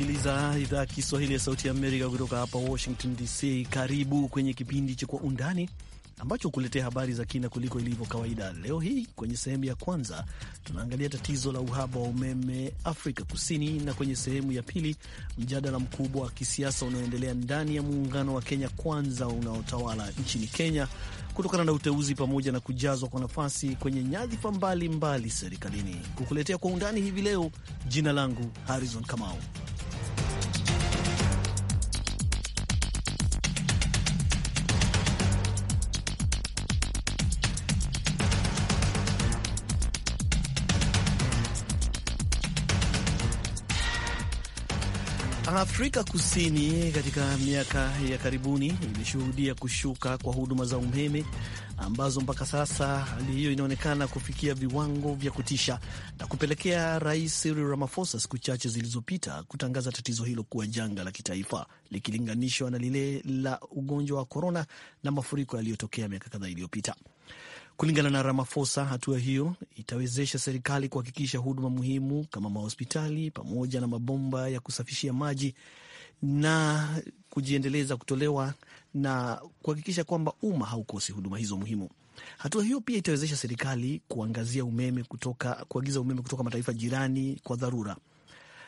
unasikiliza idhaa ya Kiswahili ya Sauti ya Amerika kutoka hapa Washington DC. Karibu kwenye kipindi cha Kwa Undani ambacho hukuletea habari za kina kuliko ilivyo kawaida. Leo hii kwenye sehemu ya kwanza tunaangalia tatizo la uhaba wa umeme Afrika Kusini, na kwenye sehemu ya pili mjadala mkubwa wa kisiasa unaoendelea ndani ya muungano wa Kenya Kwanza unaotawala nchini Kenya kutokana na uteuzi pamoja na kujazwa kwa nafasi kwenye nyadhifa mbalimbali serikalini. Kukuletea kwa undani hivi leo, jina langu Harrison Kamau. Afrika Kusini katika miaka ya karibuni imeshuhudia kushuka kwa huduma za umeme ambazo mpaka sasa hali hiyo inaonekana kufikia viwango vya kutisha na kupelekea Rais Cyril Ramaphosa siku chache zilizopita kutangaza tatizo hilo kuwa janga la kitaifa likilinganishwa na lile la ugonjwa wa korona na mafuriko yaliyotokea miaka kadhaa iliyopita. Kulingana na ramafosa hatua hiyo itawezesha serikali kuhakikisha huduma muhimu kama mahospitali pamoja na mabomba ya kusafishia maji na kujiendeleza kutolewa na kuhakikisha kwamba umma haukosi huduma hizo muhimu. Hatua hiyo pia itawezesha serikali kuangazia umeme kutoka, kuagiza umeme kutoka mataifa jirani kwa dharura.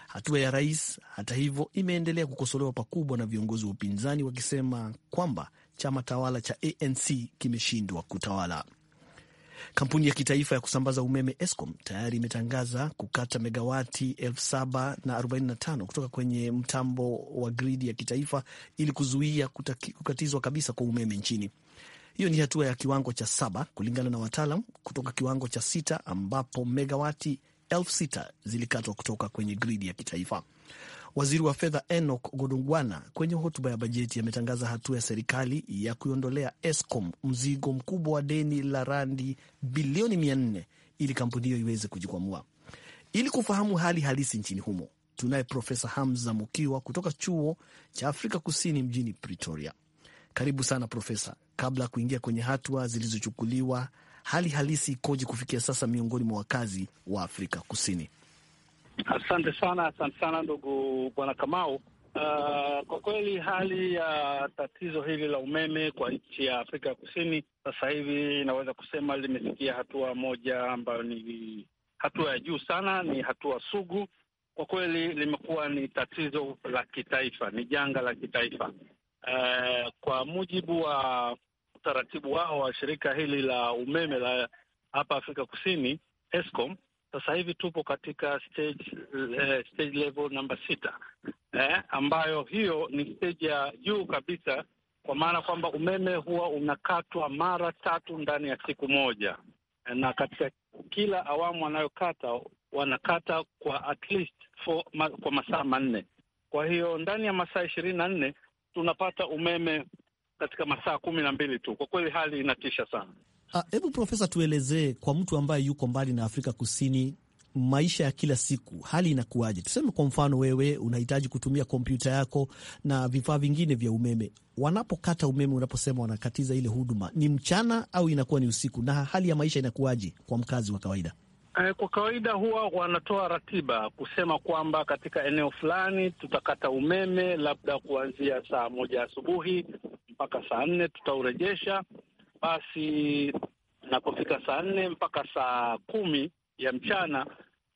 Hatua ya rais, hata hivyo, imeendelea kukosolewa pakubwa na viongozi wa upinzani wakisema kwamba chama tawala cha ANC kimeshindwa kutawala. Kampuni ya kitaifa ya kusambaza umeme Eskom tayari imetangaza kukata megawati 745 kutoka kwenye mtambo wa gridi ya kitaifa ili kuzuia kukatizwa kabisa kwa umeme nchini. Hiyo ni hatua ya kiwango cha saba kulingana na wataalam kutoka kiwango cha sita ambapo megawati 6 zilikatwa kutoka kwenye gridi ya kitaifa. Waziri wa fedha Enoch Godongwana kwenye hotuba ya bajeti ametangaza hatua ya serikali ya kuiondolea Eskom mzigo mkubwa wa deni la randi bilioni nne ili kampuni hiyo iweze kujikwamua. Ili kufahamu hali halisi nchini humo, tunaye Profesa Hamza Mukiwa kutoka chuo cha Afrika Kusini mjini Pretoria. Karibu sana Profesa. Kabla ya kuingia kwenye hatua zilizochukuliwa, hali halisi ikoje kufikia sasa miongoni mwa wakazi wa Afrika Kusini? Asante sana, asante sana ndugu bwana Kamau. Uh, kwa kweli hali ya uh, tatizo hili la umeme kwa nchi ya Afrika ya Kusini sasa hivi inaweza kusema limefikia hatua moja ambayo ni hatua ya juu sana, ni hatua sugu kwa kweli. Limekuwa ni tatizo la kitaifa, ni janga la kitaifa. Uh, kwa mujibu wa utaratibu wao wa shirika hili la umeme la hapa Afrika Kusini, Eskom sasa hivi tupo katika stage, eh, stage level namba sita eh, ambayo hiyo ni stage ya juu kabisa, kwa maana kwamba umeme huwa unakatwa mara tatu ndani ya siku moja, eh, na katika kila awamu wanayokata wanakata kwa at least for, ma, kwa masaa manne. Kwa hiyo ndani ya masaa ishirini na nne tunapata umeme katika masaa kumi na mbili tu. Kwa kweli hali inatisha sana. Ah, hebu Profesa, tuelezee kwa mtu ambaye yuko mbali na Afrika Kusini, maisha ya kila siku hali inakuwaje? Tuseme kwa mfano, wewe unahitaji kutumia kompyuta yako na vifaa vingine vya umeme. Wanapokata umeme, unaposema wanakatiza ile huduma, ni mchana au inakuwa ni usiku, na hali ya maisha inakuwaje kwa mkazi wa kawaida? Eh, kwa kawaida huwa wanatoa ratiba kusema kwamba katika eneo fulani tutakata umeme labda kuanzia saa moja asubuhi mpaka saa nne tutaurejesha, basi napofika saa nne mpaka saa kumi ya mchana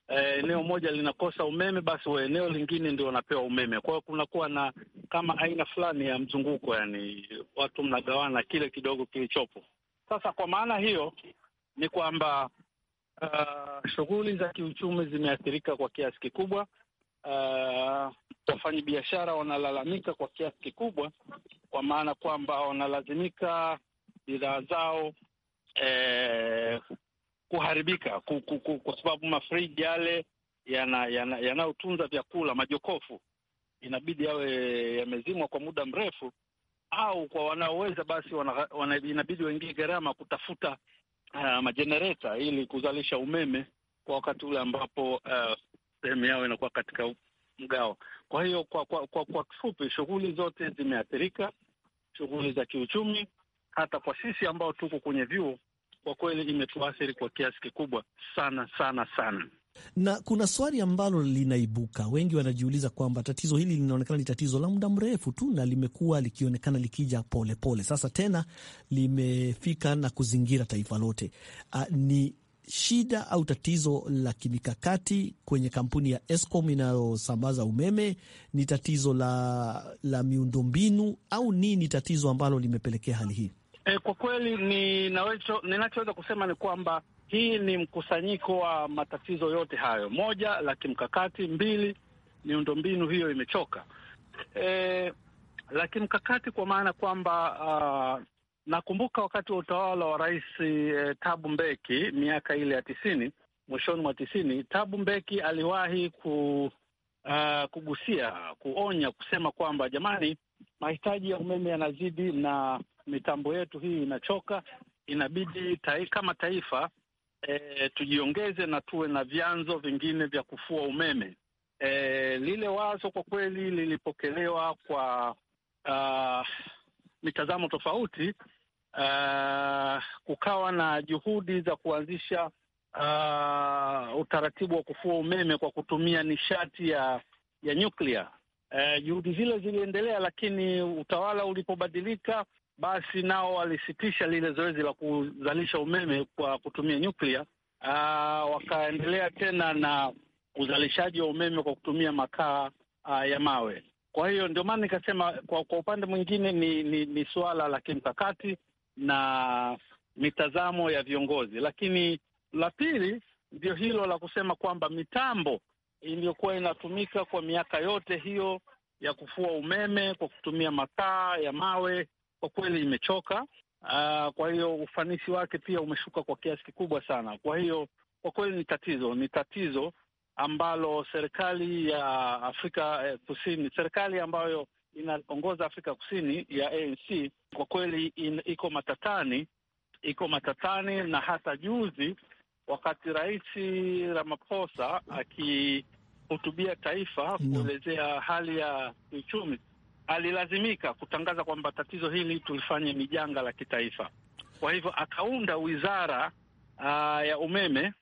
eh, eneo moja linakosa umeme, basi eneo lingine ndio wanapewa umeme. Kwa hiyo kunakuwa na kama aina fulani ya mzunguko, yani watu mnagawana kile kidogo kilichopo. Sasa kwa maana hiyo ni kwamba uh, shughuli za kiuchumi zimeathirika kwa kiasi kikubwa. Uh, wafanyabiashara wanalalamika kwa kiasi kikubwa, kwa maana kwamba wanalazimika bidhaa zao eh, kuharibika kwa sababu mafriji yale yanayotunza yana, yana vyakula majokofu inabidi yawe yamezimwa kwa muda mrefu, au kwa wanaoweza basi wana, wana, inabidi waingie gharama kutafuta uh, eh, majenereta ili kuzalisha umeme kwa wakati ule ambapo eh, sehemu uh, yao inakuwa katika mgao. Kwa hiyo kwa kwa kwa kifupi, shughuli zote zimeathirika, shughuli za kiuchumi hata kwa sisi ambao tuko kwenye vyuo, kwa kweli imetuathiri kwa kiasi kikubwa sana sana sana. Na kuna swali ambalo linaibuka, wengi wanajiuliza kwamba tatizo hili linaonekana ni tatizo la muda mrefu tu na limekuwa likionekana likija polepole pole. Sasa tena limefika na kuzingira taifa lote. A, ni shida au tatizo la kimikakati kwenye kampuni ya Eskom inayosambaza umeme? Ni tatizo la, la miundombinu au nini tatizo ambalo limepelekea hali hii? E, kwa kweli ninachoweza kusema ni kwamba hii ni mkusanyiko wa matatizo yote hayo, moja la kimkakati, mbili miundombinu hiyo imechoka. E, la kimkakati kwa maana kwamba uh, nakumbuka wakati wa utawala wa Rais eh, Tabu Mbeki miaka ile ya tisini, mwishoni mwa tisini, Tabu Mbeki aliwahi ku, uh, kugusia kuonya kusema kwamba jamani, mahitaji ya umeme yanazidi na mitambo yetu hii inachoka. Inabidi tai, kama taifa e, tujiongeze na tuwe na vyanzo vingine vya kufua umeme. E, lile wazo kwa kweli lilipokelewa kwa uh, mitazamo tofauti uh, kukawa na juhudi za kuanzisha uh, utaratibu wa kufua umeme kwa kutumia nishati ya ya nyuklia eh, juhudi zile ziliendelea, lakini utawala ulipobadilika, basi nao walisitisha lile zoezi la kuzalisha umeme kwa kutumia nyuklia. Ah, wakaendelea tena na uzalishaji wa umeme kwa kutumia makaa aa, ah, ya mawe. Kwa hiyo ndio maana nikasema kwa, kwa upande mwingine ni, ni, ni suala la kimkakati na mitazamo ya viongozi, lakini la pili ndio hilo la kusema kwamba mitambo iliyokuwa inatumika kwa miaka yote hiyo ya kufua umeme kwa kutumia makaa ya mawe kwa kweli imechoka. Uh, kwa hiyo ufanisi wake pia umeshuka kwa kiasi kikubwa sana. Kwa hiyo kwa kweli ni tatizo, ni tatizo ambalo serikali ya Afrika eh, Kusini, serikali ambayo inaongoza Afrika Kusini ya ANC kwa kweli in, iko matatani, iko matatani, na hata juzi wakati Rais Ramaphosa akihutubia taifa kuelezea hali ya uchumi, alilazimika kutangaza kwamba tatizo hili tulifanye ni janga la kitaifa. Kwa hivyo akaunda wizara aa, ah, ya umeme.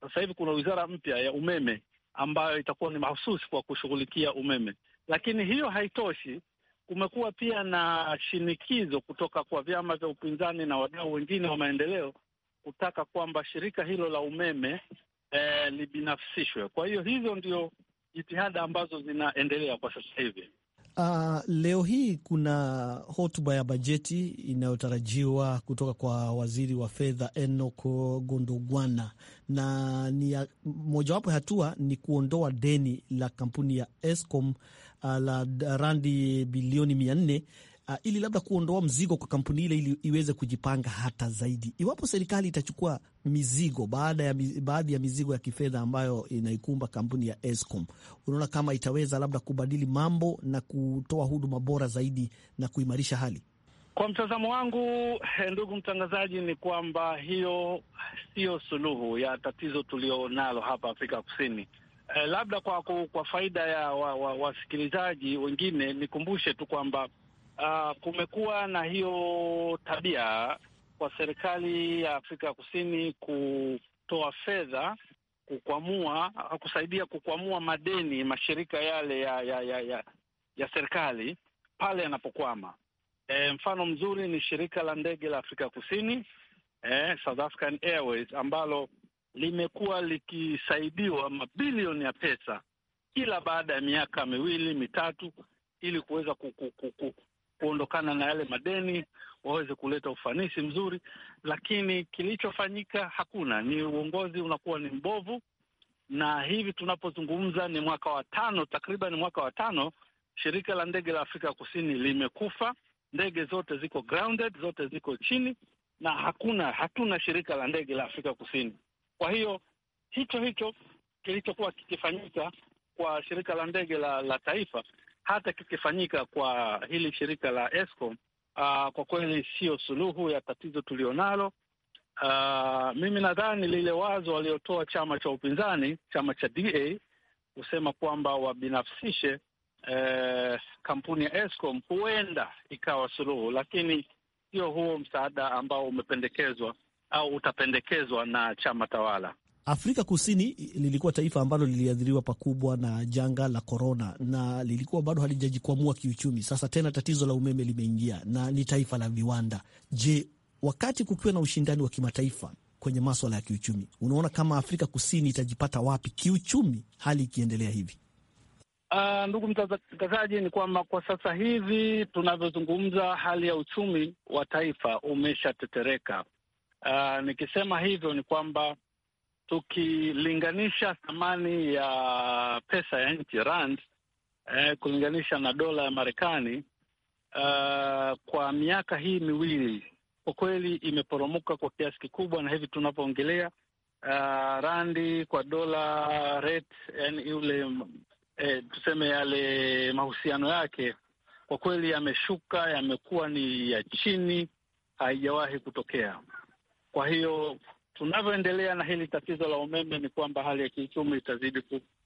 Sasa hivi kuna wizara mpya ya umeme ambayo itakuwa ni mahususi kwa kushughulikia umeme, lakini hiyo haitoshi. Kumekuwa pia na shinikizo kutoka kwa vyama vya upinzani na wadau wengine wa maendeleo kutaka kwamba shirika hilo la umeme e, libinafsishwe. Kwa hiyo hizo ndio jitihada ambazo zinaendelea kwa sasa hivi. Uh, leo hii kuna hotuba ya bajeti inayotarajiwa kutoka kwa waziri wa fedha Enoch Gondogwana, na ni mojawapo ya hatua ni kuondoa deni la kampuni ya Eskom uh, la randi bilioni mia nne uh, ili labda kuondoa mzigo kwa kampuni ile ili iweze kujipanga hata zaidi. Iwapo serikali itachukua mizigo baada ya baadhi ya mizigo ya kifedha ambayo inaikumba kampuni ya Eskom, unaona kama itaweza labda kubadili mambo na kutoa huduma bora zaidi na kuimarisha hali? Kwa mtazamo wangu, eh, ndugu mtangazaji, ni kwamba hiyo siyo suluhu ya tatizo tulionalo hapa Afrika Kusini. Eh, labda kwa kwa faida ya wasikilizaji wa, wa wengine nikumbushe tu kwamba uh, kumekuwa na hiyo tabia kwa serikali ya Afrika ya Kusini kutoa fedha kukwamua, kusaidia kukwamua madeni mashirika yale ya ya ya, ya, ya serikali pale yanapokwama. E, mfano mzuri ni shirika la ndege la Afrika ya Kusini eh, South African Airways ambalo limekuwa likisaidiwa mabilioni ya pesa kila baada ya miaka miwili mitatu ili kuweza kuondokana na yale madeni, waweze kuleta ufanisi mzuri, lakini kilichofanyika hakuna. Ni uongozi unakuwa ni mbovu, na hivi tunapozungumza ni mwaka wa tano, takriban mwaka wa tano, shirika la ndege la Afrika Kusini limekufa. Ndege zote ziko grounded, zote ziko chini na hakuna, hatuna shirika la ndege la Afrika Kusini. Kwa hiyo hicho hicho kilichokuwa kikifanyika kwa shirika la ndege la, la taifa hata kikifanyika kwa hili shirika la ESCOM, uh, ah, kwa kweli sio suluhu ya tatizo tulionalo. Uh, mimi nadhani lile wazo waliotoa chama cha upinzani, chama cha DA kusema kwamba wabinafsishe eh, kampuni ya Eskom huenda ikawa suluhu, lakini sio huo msaada ambao umependekezwa au utapendekezwa na chama tawala. Afrika Kusini lilikuwa taifa ambalo liliathiriwa pakubwa na janga la korona na lilikuwa bado halijajikwamua kiuchumi. Sasa tena tatizo la umeme limeingia na ni taifa la viwanda. Je, wakati kukiwa na ushindani wa kimataifa kwenye maswala ya kiuchumi, unaona kama Afrika Kusini itajipata wapi kiuchumi hali ikiendelea hivi? Uh, ndugu mtangazaji, ni kwamba kwa sasa hivi tunavyozungumza, hali ya uchumi wa taifa umeshatetereka. Uh, nikisema hivyo ni kwamba tukilinganisha thamani ya pesa ya nchi rand, eh, kulinganisha na dola ya Marekani uh, kwa miaka hii miwili kwa kweli imeporomoka kwa kiasi kikubwa, na hivi tunavyoongelea uh, eh, randi kwa dola rate, yani yule eh, tuseme yale mahusiano yake kwa kweli yameshuka, yamekuwa ni ya chini, haijawahi kutokea. Kwa hiyo tunavyoendelea na hili tatizo la umeme ni kwamba hali ya kiuchumi itazidi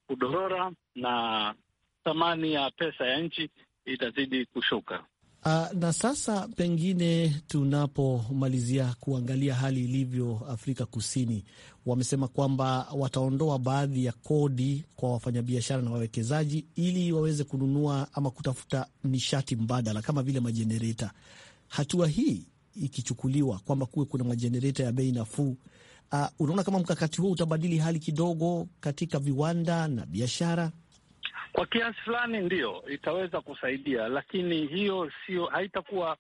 kudorora na thamani ya pesa ya nchi itazidi kushuka. Uh, na sasa pengine tunapomalizia kuangalia hali ilivyo Afrika Kusini, wamesema kwamba wataondoa baadhi ya kodi kwa wafanyabiashara na wawekezaji ili waweze kununua ama kutafuta nishati mbadala kama vile majenereta. Hatua hii ikichukuliwa kwamba kuwe kuna majenereta ya bei nafuu, Uh, unaona kama mkakati huo utabadili hali kidogo katika viwanda na biashara? Kwa kiasi fulani ndio itaweza kusaidia, lakini hiyo sio, haitakuwa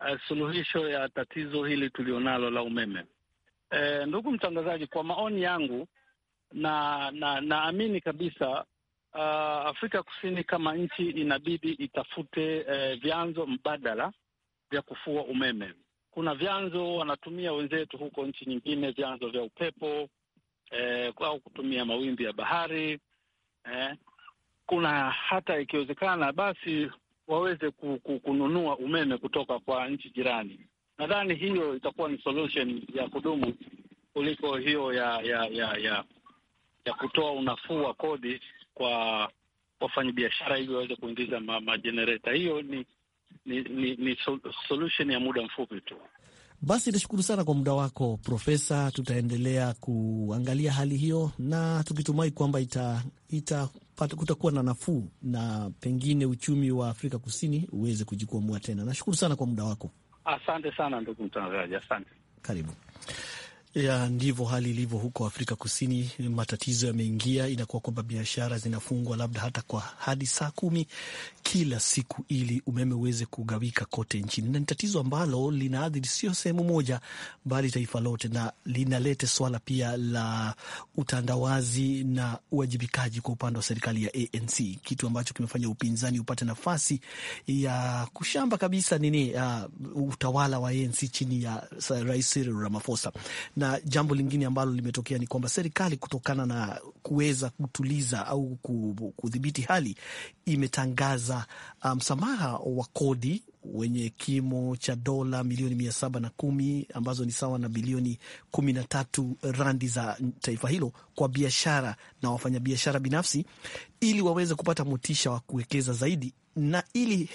uh, suluhisho ya tatizo hili tulionalo la umeme. E, ndugu mtangazaji, kwa maoni yangu na na naamini kabisa uh, Afrika Kusini kama nchi inabidi itafute uh, vyanzo mbadala vya kufua umeme kuna vyanzo wanatumia wenzetu huko nchi nyingine, vyanzo vya upepo eh, au kutumia mawimbi ya bahari eh. Kuna hata ikiwezekana basi waweze kununua umeme kutoka kwa nchi jirani. Nadhani hiyo itakuwa ni solution ya kudumu kuliko hiyo ya ya ya ya, ya kutoa unafuu wa kodi kwa wafanyabiashara ili waweze kuingiza majenereta. Hiyo ni ni, ni, ni solution ya muda mfupi tu. Basi nashukuru sana kwa muda wako Profesa, tutaendelea kuangalia hali hiyo na tukitumai kwamba ita, ita kutakuwa na nafuu na pengine uchumi wa Afrika Kusini uweze kujikwamua tena. Nashukuru sana kwa muda wako, asante sana ndugu mtangazaji, asante. Karibu ya ndivyo hali ilivyo huko Afrika Kusini. Matatizo yameingia, inakuwa kwamba biashara zinafungwa labda hata kwa hadi saa kumi kila siku, ili umeme uweze kugawika kote nchini, na ni tatizo ambalo linaathiri sio sehemu moja, bali taifa lote, na linalete swala pia la utandawazi na uwajibikaji kwa upande wa serikali ya ANC, kitu ambacho kimefanya upinzani upate nafasi ya kushamba kabisa nini, uh, utawala wa ANC chini ya Rais Cyril Ramaphosa na na jambo lingine ambalo limetokea ni kwamba serikali kutokana na kuweza kutuliza au kudhibiti hali imetangaza ah, msamaha um, wa kodi wenye kimo cha dola milioni mia saba na kumi ambazo ni sawa na bilioni kumi na tatu randi za taifa hilo kwa biashara na wafanyabiashara binafsi, ili waweze kupata motisha wa kuwekeza zaidi na ili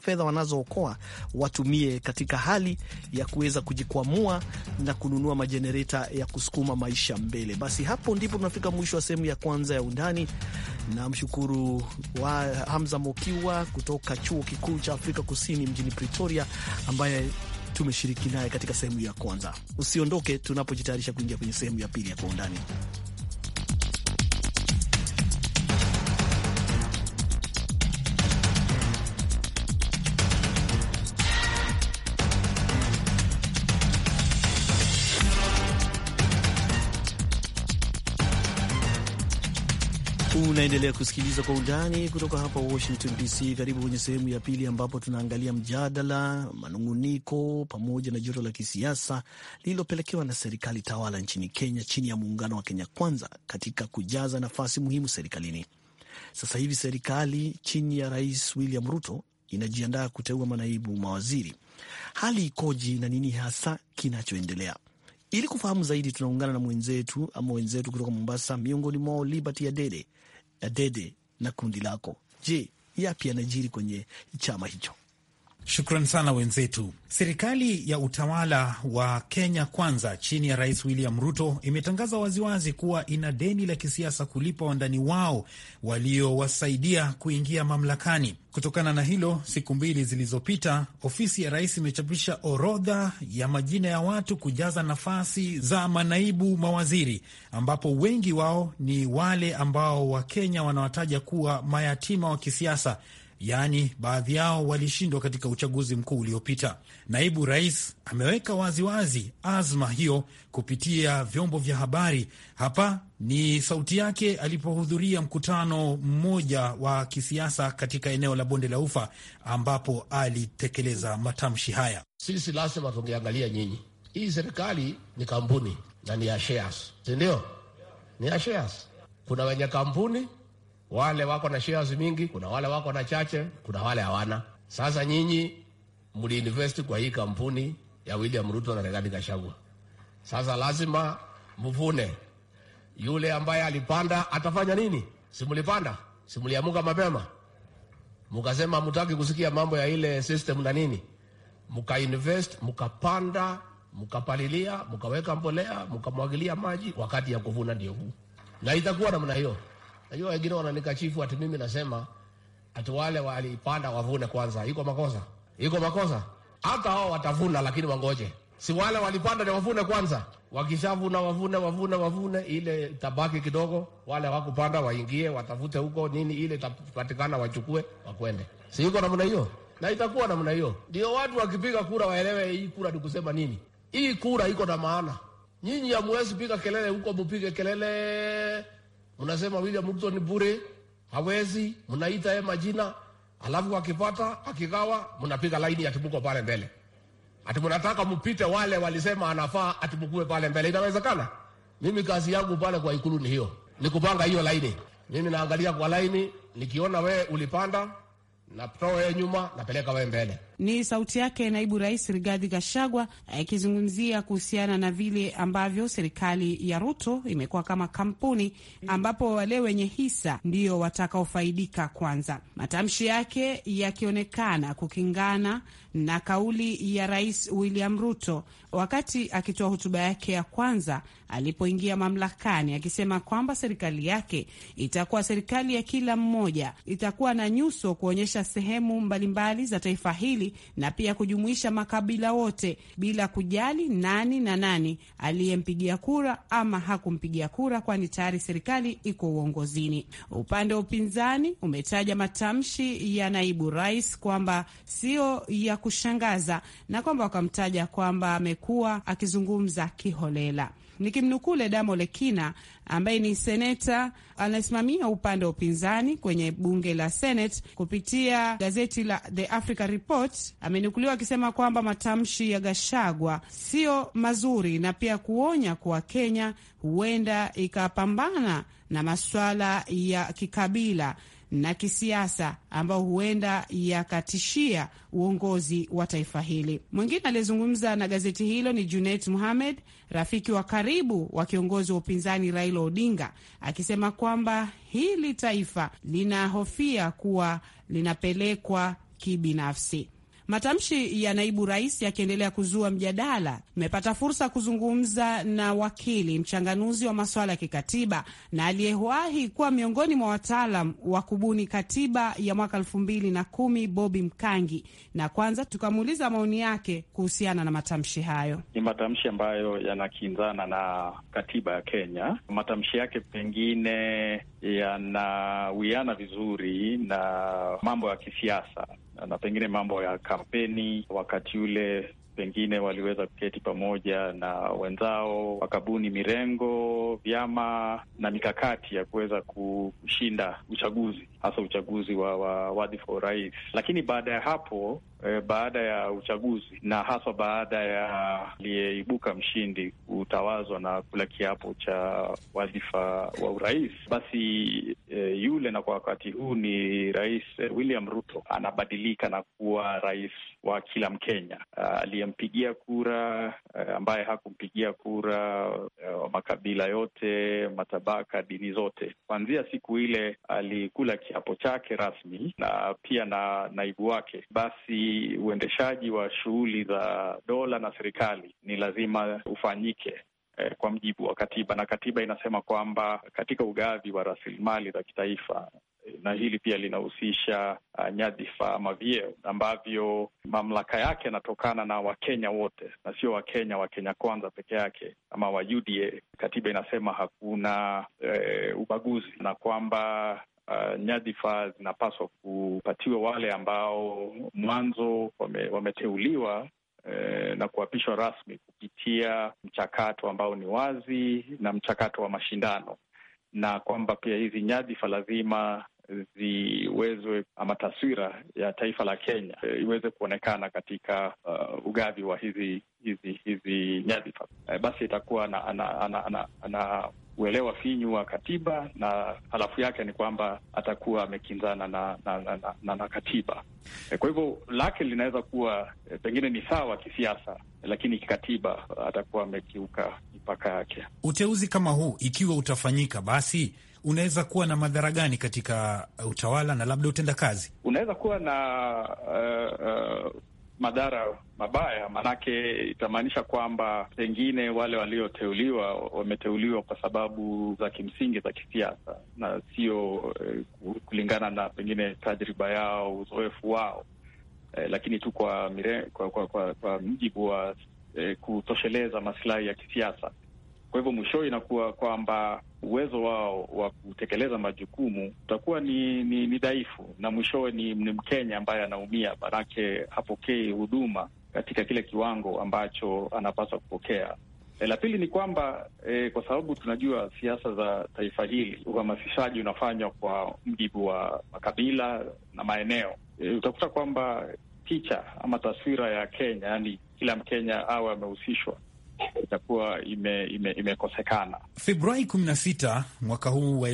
fedha wanazookoa watumie katika hali ya kuweza kujikwamua na kununua majenereta ya kusukuma maisha mbele. Basi hapo ndipo tunafika mwisho wa sehemu ya kwanza ya Undani. Namshukuru wa Hamza Mokiwa kutoka Chuo Kikuu cha Afrika Kusini mjini Pretoria ambaye tumeshiriki naye katika sehemu ya kwanza. Usiondoke tunapojitayarisha kuingia kwenye sehemu ya pili ya kwa undani. Unaendelea kusikiliza Kwa Undani kutoka hapa Washington DC. Karibu kwenye sehemu ya pili, ambapo tunaangalia mjadala, manunguniko pamoja na joto la kisiasa lililopelekewa na serikali tawala nchini Kenya chini ya muungano wa Kenya Kwanza katika kujaza nafasi muhimu serikalini. Sasa hivi serikali chini ya Rais William Ruto inajiandaa kuteua manaibu mawaziri. Hali ikoje na nini hasa kinachoendelea? Ili kufahamu zaidi, tunaungana na mwenzetu ama wenzetu kutoka Mombasa, miongoni mwao Liberty Adede dede na kundi lako. Je, yapi yanajiri kwenye chama hicho? Shukran sana wenzetu. Serikali ya utawala wa Kenya Kwanza chini ya Rais William Ruto imetangaza waziwazi kuwa ina deni la kisiasa kulipa wandani wao waliowasaidia kuingia mamlakani. Kutokana na hilo, siku mbili zilizopita, ofisi ya rais imechapisha orodha ya majina ya watu kujaza nafasi za manaibu mawaziri, ambapo wengi wao ni wale ambao Wakenya wanawataja kuwa mayatima wa kisiasa yaani baadhi yao walishindwa katika uchaguzi mkuu uliopita. Naibu rais ameweka waziwazi wazi azma hiyo kupitia vyombo vya habari. Hapa ni sauti yake alipohudhuria mkutano mmoja wa kisiasa katika eneo la bonde la Ufa, ambapo alitekeleza matamshi haya: sisi lazima tungeangalia nyinyi, hii serikali ni kampuni na ni ya shares, Ni ya shares. Kuna wenye kampuni wale wako na shares mingi, kuna wale wako na chache, kuna wale hawana. Sasa nyinyi mliinvest kwa hii kampuni ya William Ruto na Rigathi Gachagua, sasa lazima mvune. Yule ambaye alipanda atafanya nini? Simulipanda, simuliamuka mapema, mukasema mutaki kusikia mambo ya ile system na nini, mukainvest, mukapanda, mukapalilia, mukaweka mbolea, mukamwagilia maji. Wakati ya kuvuna ndio huu, na itakuwa namna hiyo. Najua wengine wananika chifu ati mimi nasema ati wale walipanda wavune kwanza. Iko makosa, iko makosa. Hata hao watavuna, lakini wangoje, si wale walipanda ni wavune kwanza. Wakishavuna wavune, wavune, wavune, ile tabaki kidogo. Wale wakupanda waingie, watafute huko nini, ile itapatikana, wachukue wakwende. Si iko namna hiyo? Na itakuwa namna hiyo. Ndio watu wakipiga kura waelewe hii kura ni kusema nini. Hii kura iko na maana. Nyinyi hamuwezi piga kelele huko, mupige kelele unasema William Ruto ni bure, hawezi, mnaita yeye majina, alafu akipata akigawa, mnapiga laini ati mko pale mbele, ati mnataka mpite wale walisema anafaa, ati mkue pale mbele. Inawezekana? Mimi kazi yangu pale kwa ikulu ni hiyo, ni kupanga hiyo laini. Mimi naangalia kwa laini, nikiona wewe ulipanda, natoa wewe nyuma, napeleka wewe mbele. Ni sauti yake naibu rais Rigathi Gachagua eh, akizungumzia kuhusiana na vile ambavyo serikali ya Ruto imekuwa kama kampuni ambapo wale wenye hisa ndio watakaofaidika kwanza, matamshi yake yakionekana kukingana na kauli ya rais William Ruto wakati akitoa hotuba yake ya kwanza alipoingia mamlakani, akisema kwamba serikali yake itakuwa serikali ya kila mmoja, itakuwa na nyuso kuonyesha sehemu mbalimbali za taifa hili mbalimbali na pia kujumuisha makabila wote bila kujali nani na nani aliyempigia kura ama hakumpigia kura, kwani tayari serikali iko uongozini. Upande wa upinzani umetaja matamshi ya naibu rais kwamba sio ya kushangaza na kwamba wakamtaja kwamba amekuwa akizungumza kiholela. Nikimnukuu Ledamo Lekina ambaye ni seneta anayesimamia upande wa upinzani kwenye bunge la Senate, kupitia gazeti la The Africa Report amenukuliwa akisema kwamba matamshi ya Gashagwa sio mazuri na pia kuonya kuwa Kenya huenda ikapambana na maswala ya kikabila na kisiasa ambayo huenda yakatishia uongozi wa taifa hili. Mwingine aliyezungumza na gazeti hilo ni Junet Muhamed, rafiki wa karibu wa kiongozi wa upinzani Raila Odinga, akisema kwamba hili taifa linahofia kuwa linapelekwa kibinafsi. Matamshi ya naibu rais yakiendelea kuzua mjadala, mmepata fursa kuzungumza na wakili mchanganuzi wa masuala ya kikatiba na aliyewahi kuwa miongoni mwa wataalam wa kubuni katiba ya mwaka elfu mbili na kumi Bobi Mkangi, na kwanza tukamuuliza maoni yake kuhusiana na matamshi hayo. Ni matamshi ambayo yanakinzana na katiba ya Kenya. Matamshi yake pengine yanawiana vizuri na mambo ya kisiasa na pengine mambo ya kampeni wakati ule pengine waliweza kuketi pamoja na wenzao wakabuni mirengo, vyama na mikakati ya kuweza kushinda uchaguzi, hasa uchaguzi wa wadhifa wa urais. Lakini baada ya hapo e, baada ya uchaguzi na haswa baada ya aliyeibuka mshindi kutawazwa na kula kiapo cha wadhifa wa urais, basi e, yule na kwa wakati huu ni Rais William Ruto anabadilika na kuwa rais wa kila Mkenya ah, aliyempigia kura, eh, ambaye hakumpigia kura, wa makabila yote, matabaka, dini zote. Kuanzia siku ile alikula kiapo chake rasmi na pia na naibu wake, basi uendeshaji wa shughuli za dola na serikali ni lazima ufanyike eh, kwa mjibu wa katiba, na katiba inasema kwamba katika ugavi wa rasilimali za kitaifa, eh, na hili pia linahusisha uh, nyadhifa ama vyeo ambavyo mamlaka yake yanatokana na Wakenya wote na sio Wakenya wa Kenya kwanza peke yake ama wa UDA. Katiba inasema hakuna eh, ubaguzi na kwamba uh, nyadhifa zinapaswa kupatiwa wale ambao mwanzo wame, wameteuliwa eh, na kuapishwa rasmi kupitia mchakato ambao ni wazi na mchakato wa mashindano, na kwamba pia hizi nyadhifa lazima ziwezwe ama taswira ya taifa la Kenya eh, iweze kuonekana katika uh, ugavi wa hizi hizi hizi nyadhifa. E, basi itakuwa na, na, na, na, na, na uelewa finyu wa katiba, na halafu yake ni kwamba atakuwa amekinzana na na, na, na, na, na katiba. Eh, kwa hivyo lake linaweza kuwa eh, pengine ni sawa kisiasa, lakini kikatiba atakuwa amekiuka mipaka yake. Uteuzi kama huu ikiwa utafanyika, basi unaweza kuwa na madhara gani katika eh, utawala na labda utendakazi? Unaweza kuwa na uh, uh, madhara mabaya, maanake itamaanisha kwamba pengine wale walioteuliwa wameteuliwa kwa sababu za kimsingi za kisiasa na sio eh, kulingana na pengine tajriba yao, uzoefu wao eh, lakini tu kwa, mire, kwa, kwa, kwa, kwa mjibu wa eh, kutosheleza masilahi ya kisiasa. Kwa hivyo mwishowe inakuwa kwamba uwezo wao wa kutekeleza majukumu utakuwa ni, ni, ni dhaifu, na mwishowe ni, ni Mkenya ambaye anaumia, manake hapokei huduma katika kile kiwango ambacho anapaswa kupokea. E, la pili ni kwamba e, kwa sababu tunajua siasa za taifa hili uhamasishaji unafanywa kwa mjibu wa makabila na maeneo. E, utakuta kwamba picha ama taswira ya Kenya, yani kila Mkenya awe amehusishwa itakuwa imekosekana ime, ime Februari 16 mwaka huu wa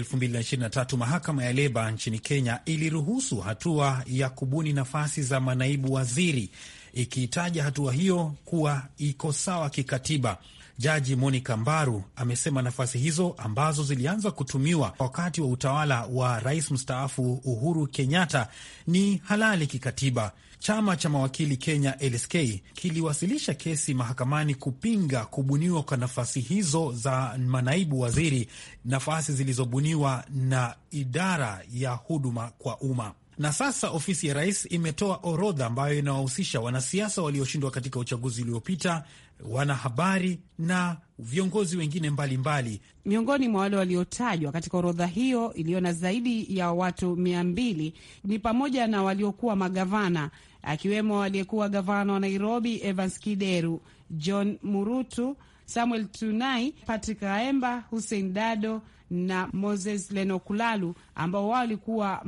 tatu mahakama ya leba nchini Kenya iliruhusu hatua ya kubuni nafasi za manaibu waziri ikiitaja hatua hiyo kuwa iko sawa kikatiba. Jaji Monica Mbaru amesema nafasi hizo ambazo zilianza kutumiwa wakati wa utawala wa rais mstaafu Uhuru Kenyatta ni halali kikatiba. Chama cha mawakili Kenya LSK kiliwasilisha kesi mahakamani kupinga kubuniwa kwa nafasi hizo za manaibu waziri, nafasi zilizobuniwa na idara ya huduma kwa umma. Na sasa ofisi ya rais imetoa orodha ambayo inawahusisha wanasiasa walioshindwa katika uchaguzi uliopita wanahabari na viongozi wengine mbalimbali mbali. Miongoni mwa wale waliotajwa katika orodha hiyo iliyo na zaidi ya watu mia mbili ni pamoja na waliokuwa magavana akiwemo aliyekuwa gavana wa Nairobi Evans Kideru, John Murutu, Samuel Tunai, Patrick Aemba, Hussein Dado na Moses Lenokulalu ambao wao walikuwa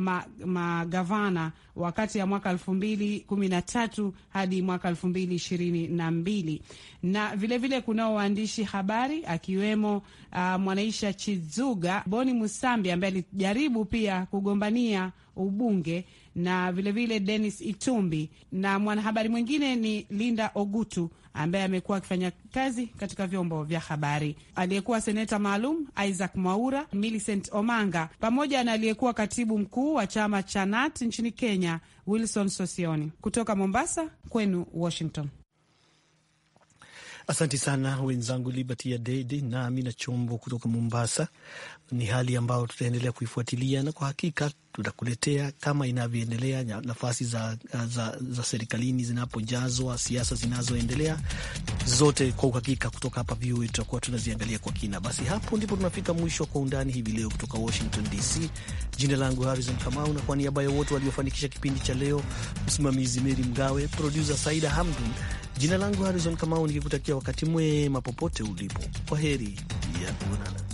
magavana ma wakati ya mwaka elfu mbili kumi na tatu hadi mwaka elfu mbili ishirini na mbili na vilevile kunao waandishi habari akiwemo uh, Mwanaisha Chizuga Boni Musambi ambaye alijaribu pia kugombania ubunge na vilevile vile Dennis Itumbi na mwanahabari mwingine ni Linda Ogutu ambaye amekuwa akifanya kazi katika vyombo vya habari, aliyekuwa seneta maalum Isaac Mwaura, Millicent Omanga pamoja na aliyekuwa katibu mkuu wa chama cha NAT nchini Kenya Wilson Sosioni. Kutoka Mombasa kwenu Washington. Asante sana wenzangu Liberty ya Dede na Amina Chombo kutoka Mombasa. Ni hali ambayo tutaendelea kuifuatilia na kwa hakika tutakuletea kama inavyoendelea, nafasi za, za, za serikalini zinapojazwa, siasa zinazoendelea zote, kwa uhakika kutoka hapa VOA tutakuwa tunaziangalia kwa kina. Basi hapo ndipo tunafika mwisho kwa undani hivi leo kutoka Washington DC. Jina langu Harrison Kamau, na kwa niaba ya wote waliofanikisha kipindi cha leo, msimamizi Meri Mgawe, produsa Saida Hamdun. Jina langu Harrison Kamau, nikikutakia wakati mwema popote ulipo. Kwa heri ya kuonana.